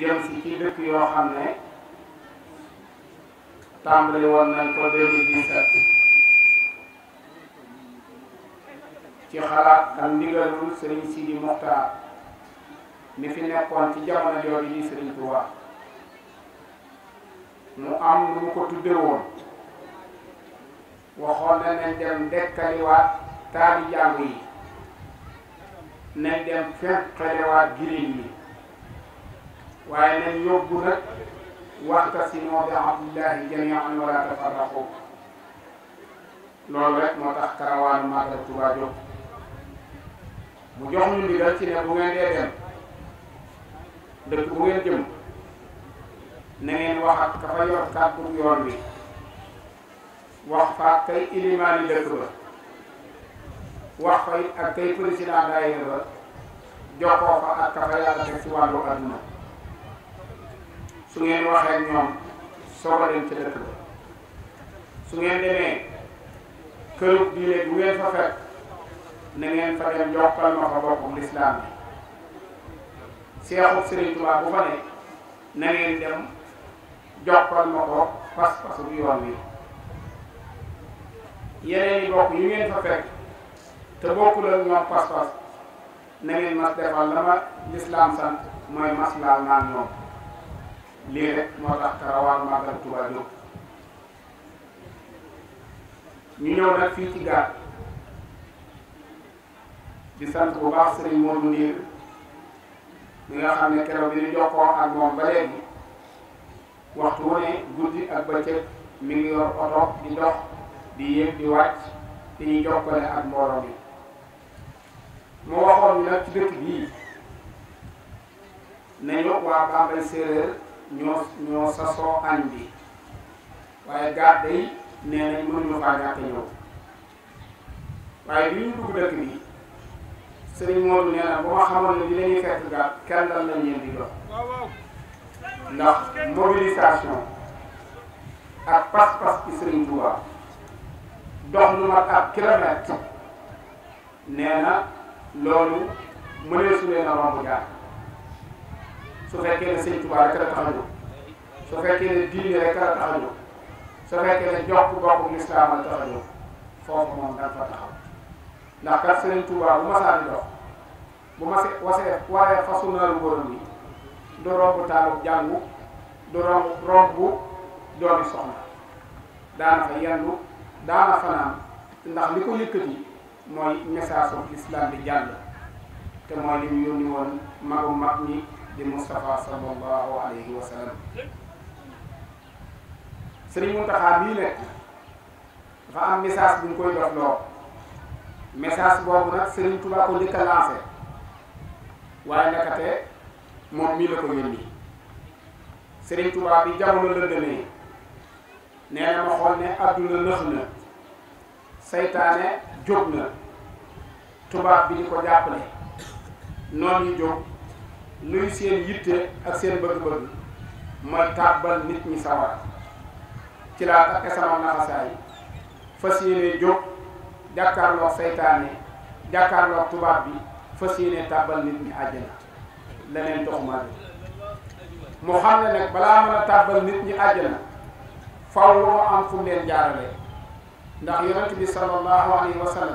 ñu jëm si ci dëkk yoo xam ne tàmbali woon nañ ko 2017 ci xalaat ak ndigalul sëriñ Sidi Mokhtar mi fi nekkoon ci jamono jooju di sëriñ Touba mu am mu ko tudde woon waxoon na nañ dem dekkaliwaat taali jàng yi nañ dem fenqalewaat girin yi waaye nañ yóbbu nag wa'tasimu bi hablillahi jamii'an wa laa tafarraqu loolu rek moo tax karawaanu Màggal Tuubaa jóg mu jox ñu ndigal ci bu ngeen dee dem bu ngeen jëm na ngeen wax ak ka fa yor kàddu wax fa ak kay ilimaani dëkk wax fa it ak kay président daayira ba joxoo fa ak ka fa yàlla teg ci wàllu adduna su ngeen waxee ak ñoom soog a dem su ngeen demee këru diine bu ngeen fa fekk na ngeen fa dem jokkal ma fa bokkum lislaam na ngeen dem jokkal ma ko pas-pasu bu yoon wi yeneen yi bokk yu ngeen fa fekk te bokkul ak ñoom pas-pas na ngeen mas defal la ma lislaam sant mooy maslaal naan ñoom lii rek moo tax karawaan màggal Tuubaa jóg ñu ñëw nag fii ci gaar di sant bu baax sëriñ Modou Ndiir bi nga xam ne keroog bi ñu jokkoo ak ba léegi mi ngi yor oto di dox di yéeg di wàcc te ñu ak mbooloo bi mu waxoon ñu nag ci dëkk bii nañu waa Bambey séeréer ñoo ñoo sasoo añ bi waaye gàtt yi nee nañ mënuñu faa ñàkk ñëw waaye bi ñu dugg dëkk bi sëriñ Modou nee na bu ma xamoon ne di lañuy fekk gàtt kenn dal lañ leen di dox ndax mobilisation ak pas-pas ci sëriñ Touba dox lu mat ab kilomètre nee loolu mënee su leen a romb gàtt su fekkee ne sëñ Tuubaa rek la a jóg su fekkee ne diine rek la a jóg su fekkee ne jox ko bokkum lislaam la foofu moom daan fa taxaw ndax kat sëñ Tuubaa bu masaan dox bu ma se wasee waree fasu naaru borom yi du romb taalub jàngu du romb doomi soxna daana fa yendu daana fanaan ndax li ko yëkkati mooy message of islam bi jàll te mooy li ñu yónni woon magum mag ñi di Moustapha sallallahu alayhi wa sallam sëriñ Mountakha bii nag dafa am message bu ñu koy jox loo message boobu nag sëriñ Touba ko njëkk a lancé waaye nekkate moom mii la ko yónni sëriñ Touba bi jamono lëndëmee nee na ma xool ne adduna nëx na saytaane jóg na tubaab bi di ko jàppale noonu ñu jóg luy seen yitte ak seen bëgg-bëgg ma tàbbal nit ñi sawar ci laa takke sama naxasaay fas yéene jóg jàkkaarloog saytaane jàkkaarloog tubaab bi fas yéene tàbbal nit ñi àjjana leneen toxuma bi mu xam ne nag balaa mën tàbbal nit ñi àjjana faw lu am fu leen jaarale ndax yonent bi sallallahu alayhi wa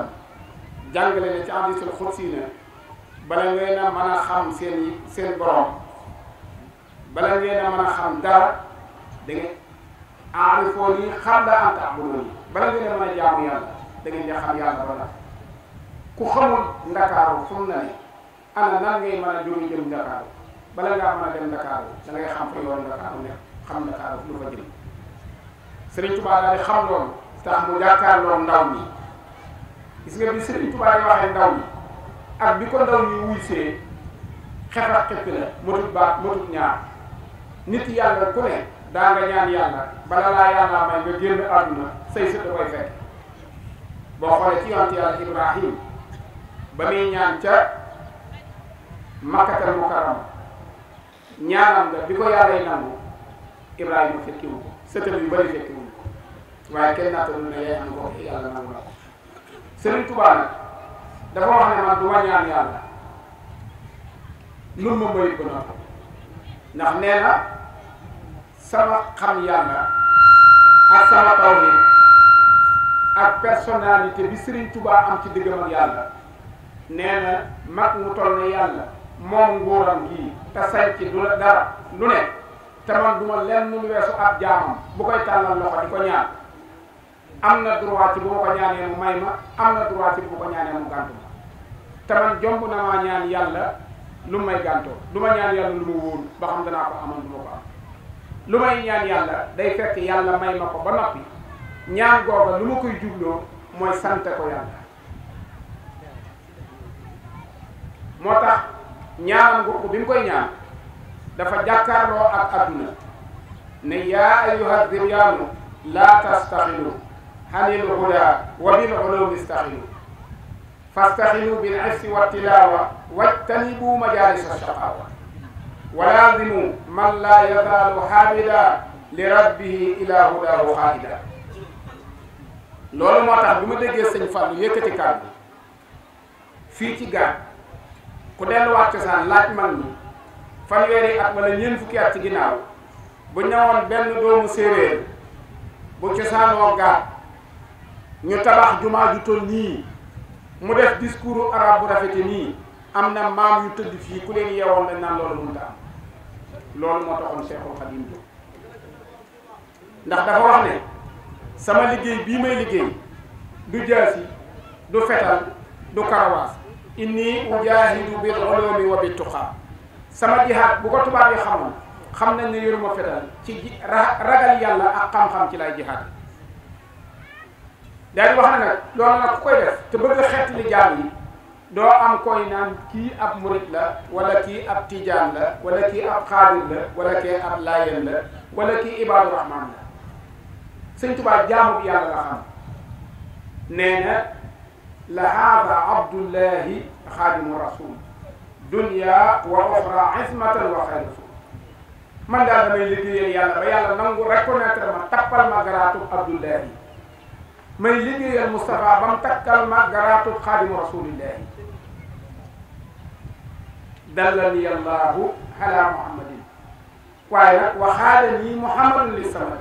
jàngale ne ci hadiisul xudsi ne bala ngeen a mën a xam seen seeni borom bala ngeen a mën a xam dara da ngeen aarifoon yi xam la am taabudoon yi bala ngeen a mën a jaamu yàlla da ngeen di xam yàlla ba la na ne ana nan ngay a jóge bala ngaa mën a dem ndakaaru da xam fa yoon ndakaaru ne xam ndakaaru lu fa jëm Sëriñ Tuubaa daal xam loolu tax mu jàkkaarloo ndaw ñi gis nga bi Sëriñ Tuubaa yi waxee ndaw mi ak bi ko ndaw ñi wuy see xefat xeppi la matut baat matut ñaar nit yàlla ku ne daa nga ñaan yàlla bala laa yàlla may nga génn àdduna say sët da koy fekk boo xoolee ci yonte yàlla ibrahim ba muy ñaan ca makkatal mukarram ñaanam nga bi ko yàllay nangu ibrahima fekkiwu ko sëtam yu bari fekkiwu ko waaye kenn naata lu ne yaay am ko yàlla la ko Sëriñ Tuubaa nag dafa wax ne man du ma ñaan yàlla lu ma may gën a ndax nee na sama xam yàlla ak sama tawhid ak personnalité bi Serigne Touba am ci diggam ak yàlla nee mag mu toll ne yàlla moom nguuram gii te ci du la dara lu ne te man du ma lenn lu weesu ab jaamam bu koy tàllal loxo di ko ñaan am na droit ci bu ma ko ñaanee mu may ma am na droit ci bu ma ko ñaanee mu gàntu te man jomb na maa ñaan yàlla lu may gàntoo lu ma ñaan yàlla lu ma wóolu ba xam danaa ko aman du ma ko am lu may ñaan yàlla day fekk yàlla may ma ko ba noppi ñaan googa lu ma koy jubloo mooy sante ko yàlla moo tax ñaanam googu bi koy ñaan dafa jàkkaarloo ak adduna ni yaa ayyuha dibyaanu laa tastaxilu xanil huda wa bil ulumi fastaxinu bil ifsi wa tilawa wajtanibu majalis ashaqawa walaazimu man laa yazaalu xaabida li rabbihi ila hudahu xaabida loolu moo tax bi ma déggee sëñ Fallou yëkkati kàddu fii ci gaat ku delluwaat cosaan laaj mag ñi fanweeri at wala ñeent fukki at ci ginnaaw bu ñëwoon benn doomu séeréer bu cosaanoo gaat ñu tabax jumaa ju toll nii mu def discours arabe bu rafete nii am na maam yu tëdd fii ku leen yeewoon dañ naan loolu mënta am loolu moo taxoon Cheikhul Khadim jóg ndax dafa wax ne sama liggéey bii may liggéey du jaasi du fetal du karawaas inni ujaahidu bil ulumi wa bit tuqa sama jihaad bu ko tubaab yi xamoon xam na ne yoruma fetal ci ragal yàlla ak xam-xam ci lay jihaad daal di wax na nag loolu nag def te bëgg a xett yi doo am koy naan kii ab murit la wala kii ab tijaan la wala kii ab xaadir la wala kii ab laayeen la wala kii ibaadu rahmaan la sëñ Tuubaa jaamu bi yàlla la xam nee na la haada abdullahi xaadimu rasul dunya wa oxra ismatan wa xayr man daal damay liggéeyal yàlla ba yàlla nangu reconnaître ma tappal ma garaatu abdullahi may liggéeyal Moustapha ba mu takkal ma garaatub xaadimu rasulillahi dallani allahu ala muhammadin waaye nag waxaale nii muhammadun li sama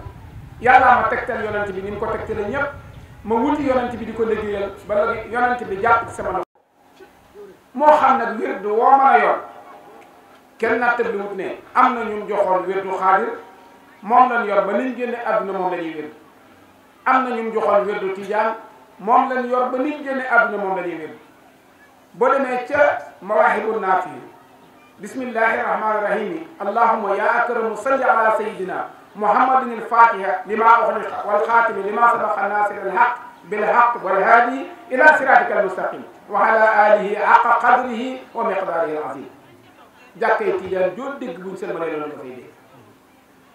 yàllaa ma tegtal yonent bi ni mu ko tegtale ñépp ma wuti yonent bi di ko liggéey ba la yonent bi jàpp sama la moo xam nag wér du yor kenn nattab li wut ne am na ñun joxoon wér du xaadir moom lañ yor ba niñ génne àdduna moom la ñuy am na ñum joxoon wérdu tijaan moom lañ yor ba nit génne àdduna moom la ñuy wérdu boo demee ca mawaahibu naafi bismillahi rahmaani rahimi allahumma ya akramu salli ala sayidina muhammadin alfatiha lima uxliqa walxaatimi lima sabaqa nasir alhaq bilhaq walhaadi ila siratika almustaqim wa ala alihi aqa qadrihi wa miqdaarihi alazim jàkkay tijaan joo dégg buñ seen ma ne loolu nga fay dégg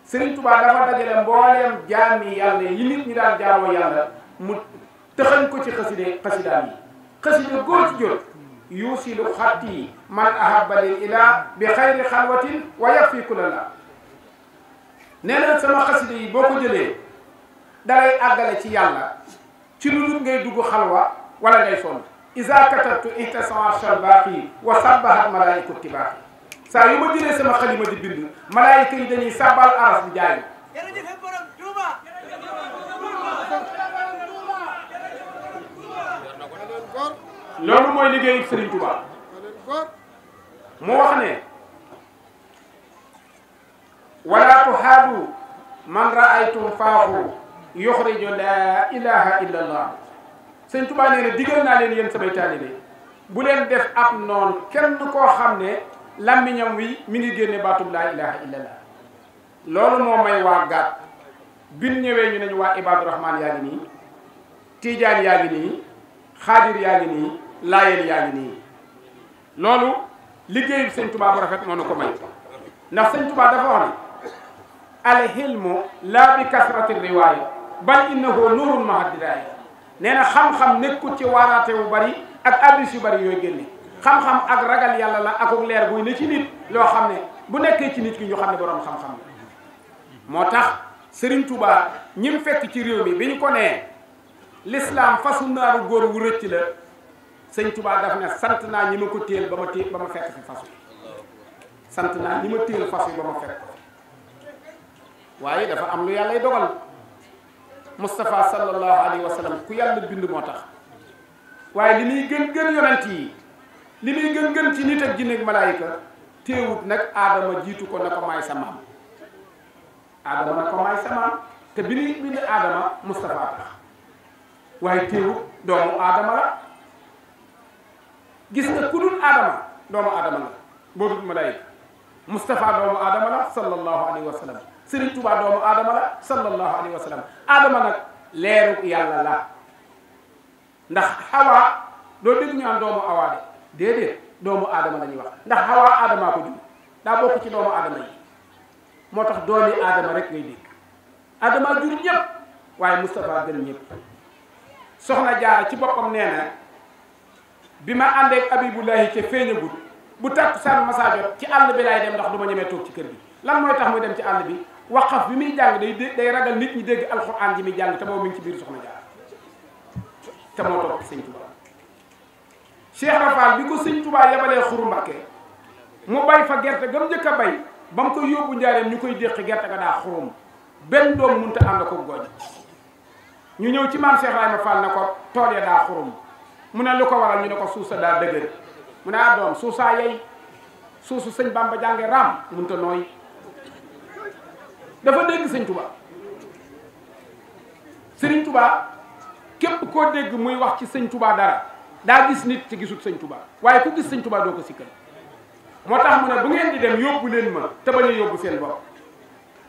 Serigne Touba dafa dajale mbooleem jaami yàlla yi nit ñi daan jaamoo yàlla mu tëxañ ko ci xaside xasidaan yi xaside góor ci jot yuusilu xatti man ahabba lil ilaa bi xayri xalwatin wa yakfi kula la nee sama xaside yi boo ko jëlee dalay àggale ci yàlla ci lu dul ngay dugg xalwa wala ngay sonn iza katabtu ihtasama shalbaaxi wa sabbahat malaaiku tibaaxi saa yu ma jëlee sama xalima di bind malaayika yi dañuy sàbbal aras bi jaay loolu mooy liggéeyu Serigne Touba mu wax ne wala tuhaadu man raaytum faahu yuxriju laa ilaha illa allah Serigne Touba nee na naa leen yéen samay taalibe bu leen def ab noonu kenn koo xam ne làmmiñam wi mi ngi génne baatub laa ilaha illallah loolu moo may waa gaat bin ñëwee ñu nañu waa ibaadu rahmaan yaa ngi nii tiijaan yaa ngi nii xaadir yaa ngi nii laayeen yaa ngi nii loolu liggéeyu sëñ tubaa bu rafet noonu ko may ndax sëñ tubaa dafa wax ni alxilmu laa bi kasrati riwaaya bal innahu nuurun mahadiraaya nee na xam-xam nekkul ci waaraate wu bari ak addis yu bari yooyu génne xam-xam ak ragal yàlla la akuk leer buy ne ci nit loo xam ne bu nekkee ci nit ki ñu xam ne borom xam-xam la moo tax sëriñ Touba ñim fekk ci réew mi bi ñu ko nee l'islam fasu naaru góor wu rëcc la sëñ tubaa daf ne sant naa ñi ma ko téel ba ma téel ba ma fekk fi fasu sant naa ñi ma téel fasu ba ma fekk waaye dafa am lu yàllay dogal Moustapha sallallahu alayhi wa ku yàlla bind moo tax waaye li ñuy gën gën yonent yi li muy gën gën ci nit ak jinne ak malaayika téewut nag aadama jiitu ko na ko maay sa aadama na ko maay sa te bi ñuy bind aadama Moustapha tax waaye téewut doomu aadama la gis nga ku dul aadama doomu aadama la boo dul malaayika Moustapha doomu aadama la sallallahu alayhi wa doomu aadama la aadama nag leeru yàlla la ndax xawaa doo dégg ñu am doomu awaa déedéet doomu aadama la ñuy wax ndax xawaa aadamaa ko jur daa bokk ci doomu aadama yi moo tax doomi aadama rek ngay dégg adamaa jur ñëpp waaye Moustapha gën ñëpp soxna jaara ci boppam nee na bi ma àndee ak Abibulahi ca feeñagut bu takk san masa jot ci àll bi laay dem ndax du ma ñemee toog ci kër gi lan mooy tax muy dem ci àll bi waqaf bi muy jàng day day ragal nit ñi dégg alxuraan ji muy jàng te moom muñ ci biir soxna jaara te moo toog sëñ Tuubaa Cheikh Rafal bi ko sëñ Touba yabalee xuru mu bay fa gerte gam njëkk a bay ba mu koy yóbbu njaareem ñu koy déqi gerte ga daa xurum benn doom mënut a ànd ko goñ ñu ñëw ci maam Cheikh Ibrahima Fall na ko tool daa xurum mu na lu ko waral ñu ne ko suuf sa daa dëgër mu ne ah doom suuf saa yey suusu sëñ Bamba jànge raam mënut a nooy dafa dégg sëñ Touba sëriñ Touba képp koo dégg muy wax ci sëñ Touba dara. daa gis nit ci gisut sëñ Touba waaye ku gis sëñ Touba doo ko sikkal moo tax mu ne bu ngeen di dem yóbbu leen ma te bañ yóbbu seen bopp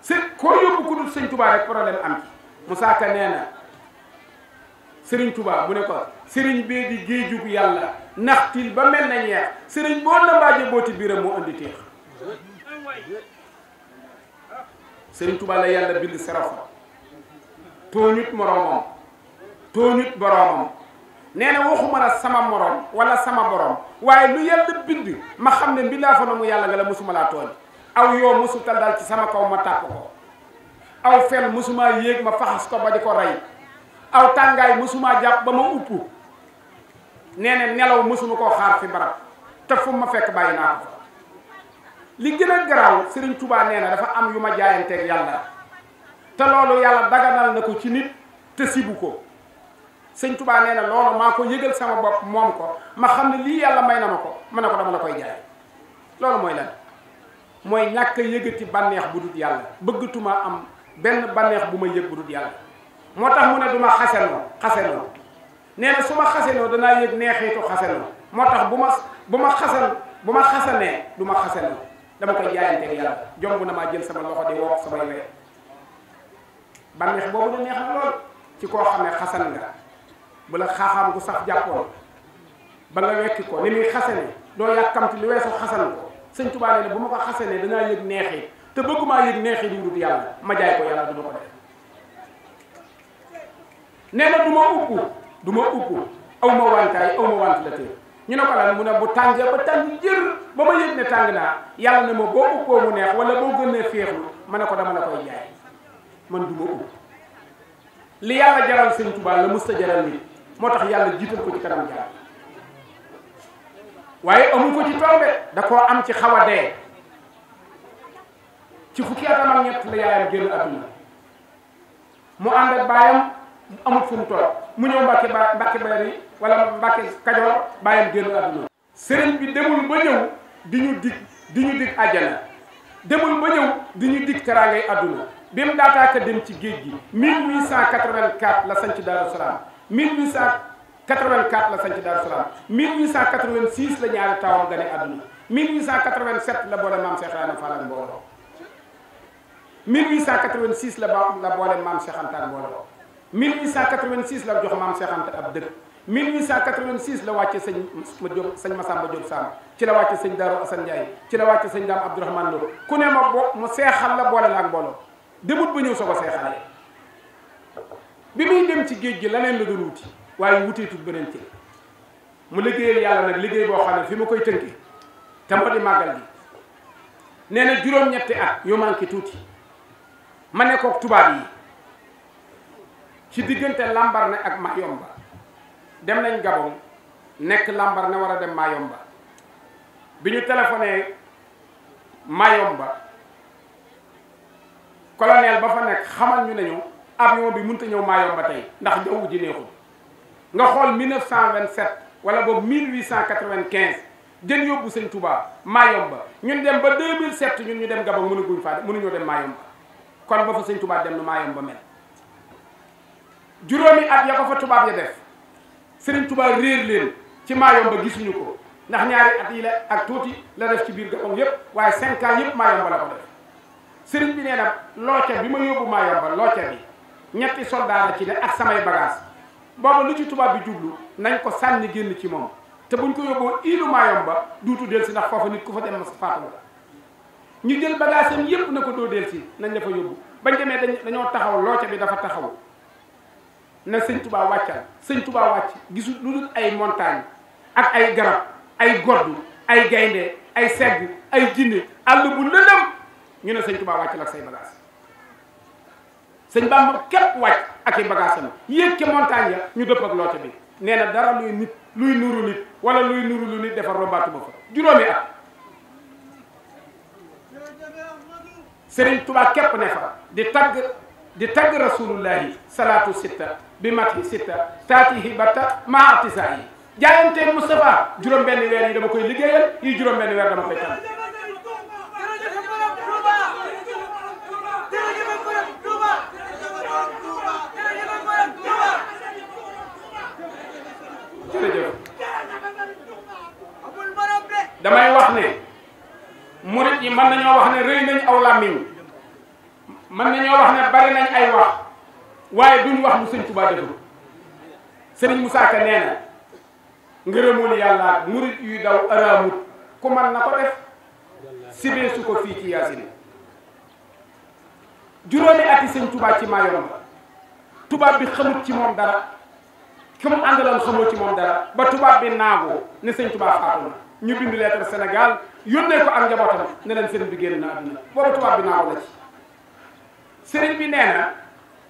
sëñ koo yóbbu ku dul sëñ rek problème am ci Moussa Ka nee na sëriñ tubaa mu ne ko sëriñ bee di géejug yàlla naxtil ba mel na ñeex sëriñ boo lambaaje booti biram moo andi teex sëriñ Touba la yàlla bind sarafa tooñut moroomam tooñut boroomam nee na waxuma la sama morom wala sama borom waaye lu yàlla bind ma xam ne mbindaa fa mu yàlla nga la mosuma laa tooñ aw yoo mosutal dal ci sama ma tàpp ko aw fen mosumaa yéeg ma faxas ko ba di ko rey aw tàngaay mosumaa jàpp ba ma upp nee na nelaw mosuma koo xaar fi barab te fu ma fekk bàyyi naa ko li gën a garaaw Sëriñ Tuubaa nee na dafa am yu ma jaayanteeg yàlla te loolu yàlla daganal na ko ci nit te sibu ko sëñ tubaa nee na loolu maa ko yëgal sama bopp moom ko ma xam ne lii yàlla may na ma ko ma ne ko dama la koy jaay loolu mooy lan mooy ñàkk a yëgati bànneex bu dul yàlla bëggatuma am benn bànneex bu ma yëg bu dul yàlla moo tax mu ne du ma xasenoo xasenoo nee na su ma xasenoo danaa yëg neexitu xasenoo moo tax bu ma bu ma xasen bu ma xasanee du ma xasenoo dama koy jaayanteeg yàlla jomb na maa jël sama loxo di wokk samay we bànneex boobu da neex na koo xam ne xasan bu la xaaxaam gu sax jàppoon ba nga wekki ko ni muy xasane doo yàkkamti li weesoo xasan ko sëñ Tuubaa nee na bu ma ko xasanee danaa yëg neexi te bëggumaa yëg neexi di wut yàlla ma jaay ko yàlla duma ko du ma uppu du ma uppu ma wantaay ñu ne mu ne bu tàngee ba tàng jër ma yëg naa yàlla ne ma boo uppoo mu neex wala boo gënee ma ne ko dama la koy man du upp li yàlla jaral sëñ Tuubaa la mus ta jaral nit moo tax yàlla jiital ko ci kanam jaam waaye amu ko ci tool de da koo am ci xaw a ci fukki atam ak ñett la yaayam génn adduna mu ànd ak amul fu mu toll mu ñëw mbàkke ba mbàkke bayri wala mbàkke kajoor baayam génn adduna sëriñ bi demul ba ñëw di ñu dig di ñu dig àjjana demul ba di ñu dig teraangay adduna bi mu daataaka dem ci géej gi 1884 la sañ ci Daaru Salaam 1884 la sanc Daaru Salaam 1886 la ñaari tawam gane àdduna 1887 la boole maam Cheikh Ibrahima Fall ak mbooloo 1886 la ba la boole maam Cheikh Anta ak mbooloo 1886 la jox maam Cheikh Anta ab dëkk 1886 la wàcce sëñ ma Diop sëñ Massamba Diop Sam ci la wàcce sëñ Darou Assane Ndiaye ci la wàcce sëñ Dame Abdourahmane Lo ku ne ma bo mu seexal la boole la ak mbooloo début ba ñëw soo ko seexalee bi muy dem ci géej gi leneen la doon wuti waaye wuteetul beneen cër mu liggéeyal yàlla nag liggéey boo xam ne fi ma koy tënki te màggal gi nee na juróom-ñetti at yu tuuti ma ne kook tubaab yi ci diggante Lambaréné ak Mayomba dem nañ Gabon nekk Lambaréné war a dem Mayomba bi ñu téléphoné Mayomba colonel ba fa nekk xamal ñu ne ñu avion bi mun a ñëw maa yomba tey ndax jaww ji neexul nga xool 1927 wala boobu 1895 jën yóbbu sëñ Touba maa ba ñun dem ba 2007 ñun ñu dem Gabon mënuguñ faa mënuñoo dem maa yomba kon ba fa sëñ Touba dem na maa yomba mel juróomi at ya ko fa tubaab ya def sëriñ Touba réer leen ci maa ba gisuñu ko ndax ñaari at yi la ak tuuti la def ci biir Gabon yëpp waaye 5 ans yëpp maa yomba la ko def sëriñ bi nee na looca bi ma yóbbu maa yomba looca bi. ñetti soldat la ci ne ak samay bagage booba lu ci tubaab bi jublu nañ ko sànni génn ci moom te buñ ko yóbboo iilu maayom ba duutu del si ndax foofu nit ku fa dem sa faatu la ñu jël bagage am yépp na ko doo del si nañ la fa yóbbu bañ demee dañ dañoo taxaw looca bi dafa taxaw na sëñ tubaa wàccal sëñ tubaa wàcc gisul lu dul ay montagne ak ay garab ay gordu ay gaynde ay segg ay jinne àll bu lëndëm ñu ne sëñ tubaa wàccal ak say bagage sëñ Bamba képp wàcc ak i bagaasam yéeg ke montagne ya ñu dëpp ak loote bi nee na dara luy nit luy nuru nit wala luy nuru lu nit dafa rombaatu ba fa juróomi at sëriñ Tuubaa képp ne fa di tagg di tagg rasulullahi salaatu sitta bi mati sitta taatihi batta maa atisaa yi jaayante Moustapha juróom benn weer yi dama koy liggéeyal yi juróom benn weer dama koy tànn jërëjëf damay wax ne murit yi mën nañoo wax ne rëy nañ aw làmmiñ mën nañoo wax ne bari nañ ay wax waaye duñ wax lu sëñ Tuubaa deful sëriñ Moussa Ka nee na ngërëmul yàlla murit yuy daw araamut ku mën na ko def sibee su ko fii ci yaasin juróomi ati sëñ Tuubaa ci maayom ba bi xamut ci moom dara ki mu àndaloon xamoo ci moom dara ba tubaab bi naagoo ne sëñ tubaab faatu ñu bind lettre Sénégal yónnee ko ak njabootam ne leen sëriñ bi génn naa àdduna boobu tubaab bi naagu la ci sëriñ bi nee na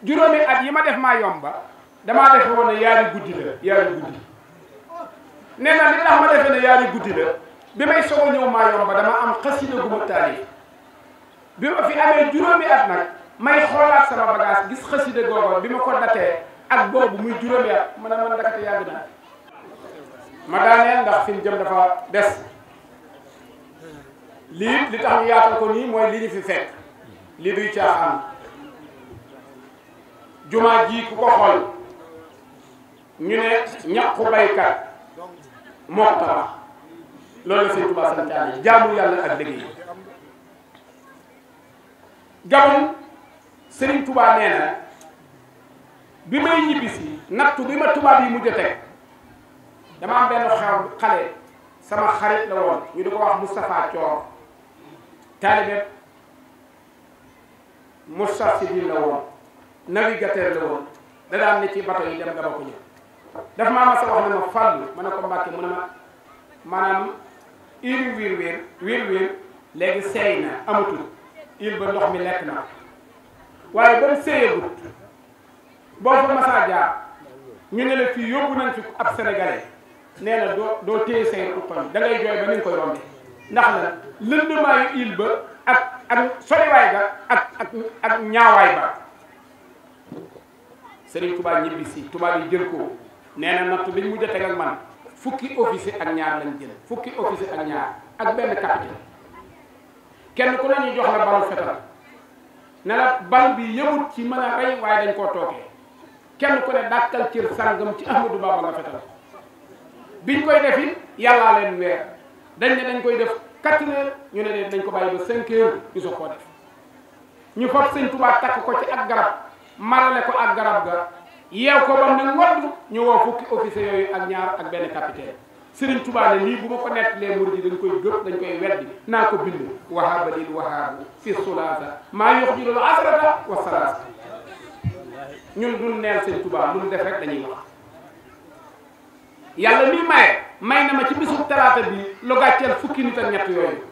juróomi at yi ma def maa yomba damaa defe woon ne yaari guddi guddi li ma defe ne yaari guddi la bi may soog a ñëw maa yomba dama am xasida gu bi ma fi amee juróomi at nag may xoolaat sama bagage gis xasida googa bi ma ko datee ak boobu muy juróomi at man a man dakate yàgg na ma daaneel ndax fi ñu jëm dafa des lii li tax ñu yaatal ko nii mooy li ñu fi fekk lii duy caaxaan jumaa ji ku ko xool ñu ne ñaqu baykat moo tabax loolu la sëñ Tuubaa santaane jaamu yàlla ak liggéey gabon sëriñ Tuubaa nee na bi may ñibbisi nattu bi ma tubaab yi mujj a teg dama am benn xew xale sama xarit la woon ñu di ko wax Moustapha Thior taalibe Moustarchidine la woon navigateur la woon da daan ne ci bato yi dem dama ko ñëw daf maa ma sa wax ne ma fàllu ma ne ko mbàkke mu ne ma maanaam il wiir wiir wiir wiir léegi seey na amatul il ba ndox mi lekk na waaye ba mu boo fa masaa jaar ñu ne la fii yóbbu nañ fi ab sénégalais nee na doo doo téye say ruqam da ngay jooy ba ni koy rombe ndax la lëndumaayu il ba ak ak soriwaay ga ak ak ak ñaawaay ba Serigne Touba ñibbi tubaab yi jël ko nee na natt bi ñu mujj a teg ak man fukki officier ak ñaar lañ jël fukki officier ak ñaar ak benn capitaine kenn ku ne jox la balu fetal ne la bal bi yëmut ci mën a rey waaye dañ koo tookee kenn ko ne dàkkal cër sàngam ci Ahmadou Bamba nga fetal ñu koy def it yàllaa leen weer dañ ne dañ koy def quatre heures ñu ne leen dañ ko bàyyi ba cinq heures def ñu fab sëñ Tuubaa ko ak garab marale ko ak garab ga yeew ko bam ne ngodd fukki officier yooyu ak ñaar ak benn capitaine Sëriñ Tuubaa ne lii bu ma ko nettalee murid yi dañ koy gëpp dañ koy weddi naa ko bind wahaba lil wahaabu fi sulaasa maa yox jilul asrata wa salaasa ñun duñ neel sëñ Tuubaa lu ñu def rek dañuy wax yàlla mi maye may na ma ci bisu talaata bi lu fukki nit ak ñett yooyu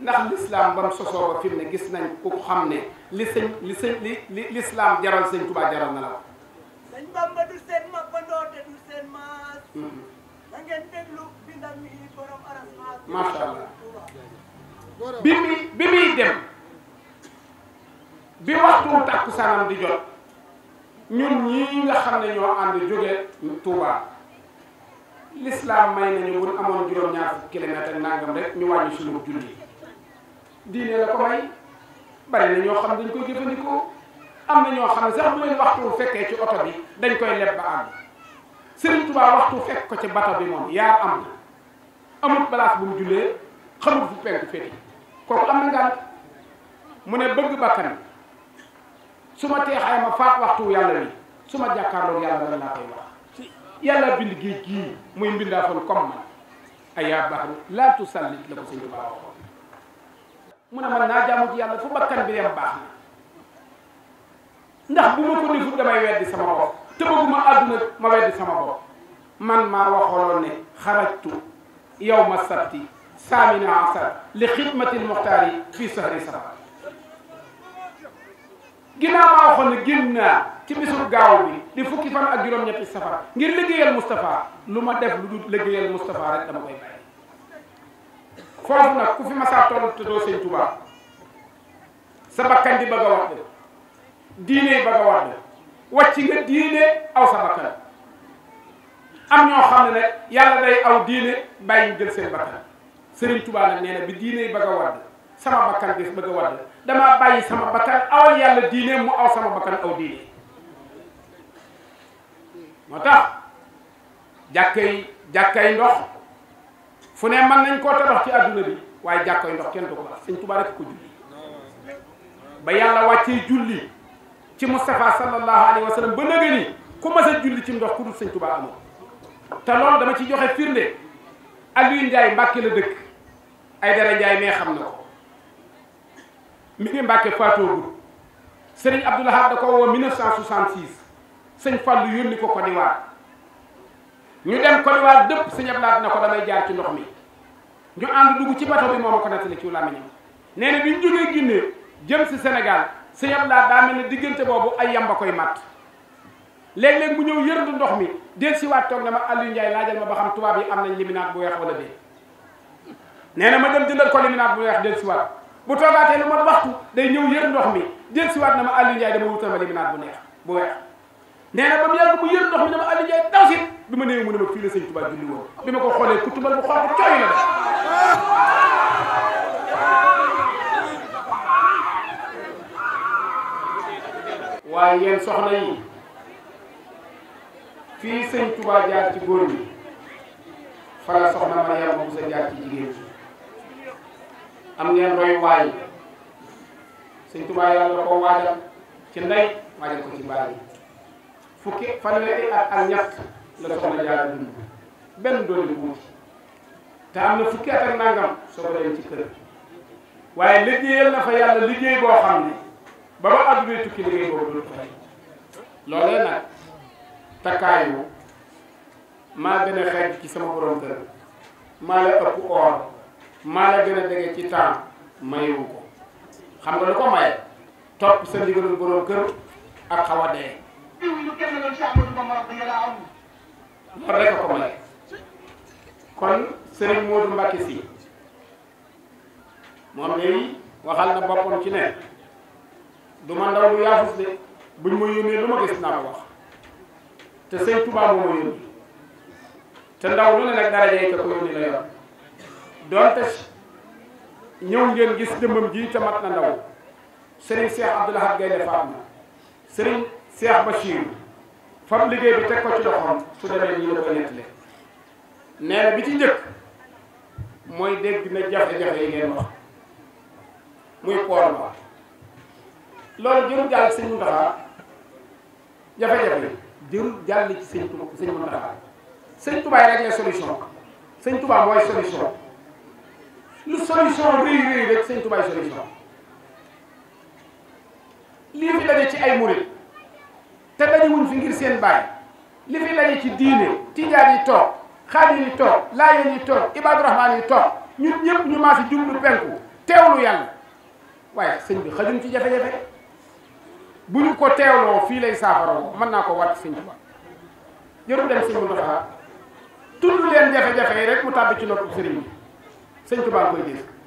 ndax lislaam bam sosoo ba fi ne gis nañ ku xam ne li sëñ li sëñ li li lislaam jaral sëñ Tuubaa jaral na la ko seen ma bandoo te du seen maas mm-hmm. na allah bi muy bi muy dem bi waxtu takku sanam di jot ñun ñii nga xam ne ñoo ànd jóge Touba l'islam may nañu buñ amoon juróom-ñaar fukki kilomètre ak nangam rek ñu wàññi suñu julli diine la ko may bari na ñoo xam ne dañ koy jëfandikoo am na ñoo xam ne sax bu leen waxtu fekkee ci oto bi dañ koy ba àgg Serigne Touba waxtu fekk ko ci bata bi moom yaar am na amul place bu mu jullee xamul fu penk féeti kooku am na ngànt mu ne bëgg bakkan su ma teexaay ma faat waxtu yàlla wi su ma jàkkaarloog yàlla mën naa koy wax yàlla bind géej gii muy mbindaa fon comme man ayaa baxru laa tusallit la ko suñu baax waxoon mu ne man naa jaamu ci yàlla fu bakkan bi dem baax na ndax bu ma ko defut sama bopp te bëgguma àdduna ma weddi sama bopp man maa waxooloon ne xarajtu yawma sabti saamina asar li xidmati lmuxtaari fii sahri safar ginnaaw maa waxoon ne génn naa ci bisul gaaw bi di fukki fan ak juróom-ñetti safar ngir liggéeyal Moustapha lu ma def lu dul liggéeyal Moustapha rek dama koy bàyyi foofu nag ku fi masaa toll te doo sëñ Tuubaa sa bakkan di bëgg a wax de diine yi bëgg a wax de wàcc nga diine aw sa bakkan am ñoo xam ne nag yàlla day aw diine bàyyi ñu jël seen bakkan sëriñ Tuubaa nag nee na bi diine bëgg a wadd sama bakkan bi bëgg a wadd damaa bàyyi sama bakkan awal yàlla diine mu aw sama bakkan aw diine moo tax jàkkay jàkkay ndox fu ne mën nañ koo tabax ci àdduna bi waaye jàkkay ndox kenn du ko tax sëñ Tuubaa rek ko julli ba yàlla wàccee julli ci Moustapha sallallahu ba nëgë ni ku mas julli ci ndox ku dul sëñ Tuubaa amoon te loolu dama ci joxe firnde Aliou Ndiaye Mbàkke la dëkk ay dara Ndiaye mais xam na ko mi ngi Mbàkke faatoogut sëriñ Abdou Lahad da ko woo 1966 sëñ Fallou yónni ko Côte d'Ivoire ñu dem Côte dëpp sëñ Abdou na ko damay jaar ci ndox mi ñu ànd dugg ci bato bi moo ma ko nettali ci làmmiñam nee na bi ñu jógee Guinée jëm si Sénégal sëñ Abdou daa mel ne diggante boobu ay yamba koy matt léeg-léeg mu ñëw yërëndu ndox mi del si waat toog na ma Aliou Ndiaye laajal ma ba xam tubaab yi am nañ liminaat bu weex wala dee nee na ma dem jëndal ko bu weex del si waat bu toogaatee lu mot waxtu day ñëw yër ndox mi jël si waat na ma Aliou Ndiaye dama wutal ma liminaat bu neex bu na bi ma néew mu ne ma fii la sëñ Tuubaa julli woon bi ma ko xoolee ku tubal bu xonq cooy la def waaye yéen soxna sëñ ci góor ñi fala soxna Mariama Bousso jaar ci jigéen am ngeen roy waay sëñ Tuubaa yàlla koo waajal ci ndey waajal ko ci baay fukki fanweeri at ak ñett la soxna Jaara dund benn doole wuuti te am na fukki at ak nangam soo ko dem ci kër waaye liggéeyal na fa yàlla ba ba àdduna tukki liggéey boobu dootu takkaayu maa gën xeet ci sama borom kër maa la ëpp maa la gën a dege ci temps mayewu ko xam nga lu ko maye topp sa ndigalul borom kër ak xaw a dee loolu rek a ko maye kon sëriñ Modou Mbacké Sy moom day waxal na boppam ci ne du ma ndaw lu yaafus de buñ ma yónnee lu ma gis naa ko wax te sëñ Touba moo ma yónni te ndaw lu ne nag dara jey ka ko yónni la yor doonte ñëw ngeen gis jëmbam ji te mat na ndaw Serigne Cheikh Abdou Lahad Gaïndé Fatma Serigne Cheikh Bachir fam liggéey bi teg ko ci loxoom su demee ñi la ko nettali nee na bi ci njëkk mooy dégg na jafe-jafe yi ngeen wax muy poor ba loolu jërul jàll sëñ Muntaxa jafe-jafe jërul jàll ci sëñ Tuubaa sëñ Muntaxa sëñ Tuubaa mooy solution lu solution rëy rëy rek sëñ Tuubaa solution lii fi daje ci ay murit te daje wuñ fi ngir seen baay li fi daje ci diine tijaan yi toog xaadir yi toog laayeen yi toog ibaadu rahmaan yi toog ñu ñëpp ñu maasi jublu penku teewlu yàlla waaye sëñ bi xajuñ ci jafe-jafe bu ñu ko teewloo fii lay saafaroo mën naa ko wat sëñ Tuubaa jëru dem sëñ mu doxaa tudd leen jafe-jafe yi rek mu tàbbi ci noppu sëriñ bi sëñ Tuubaa koy dégg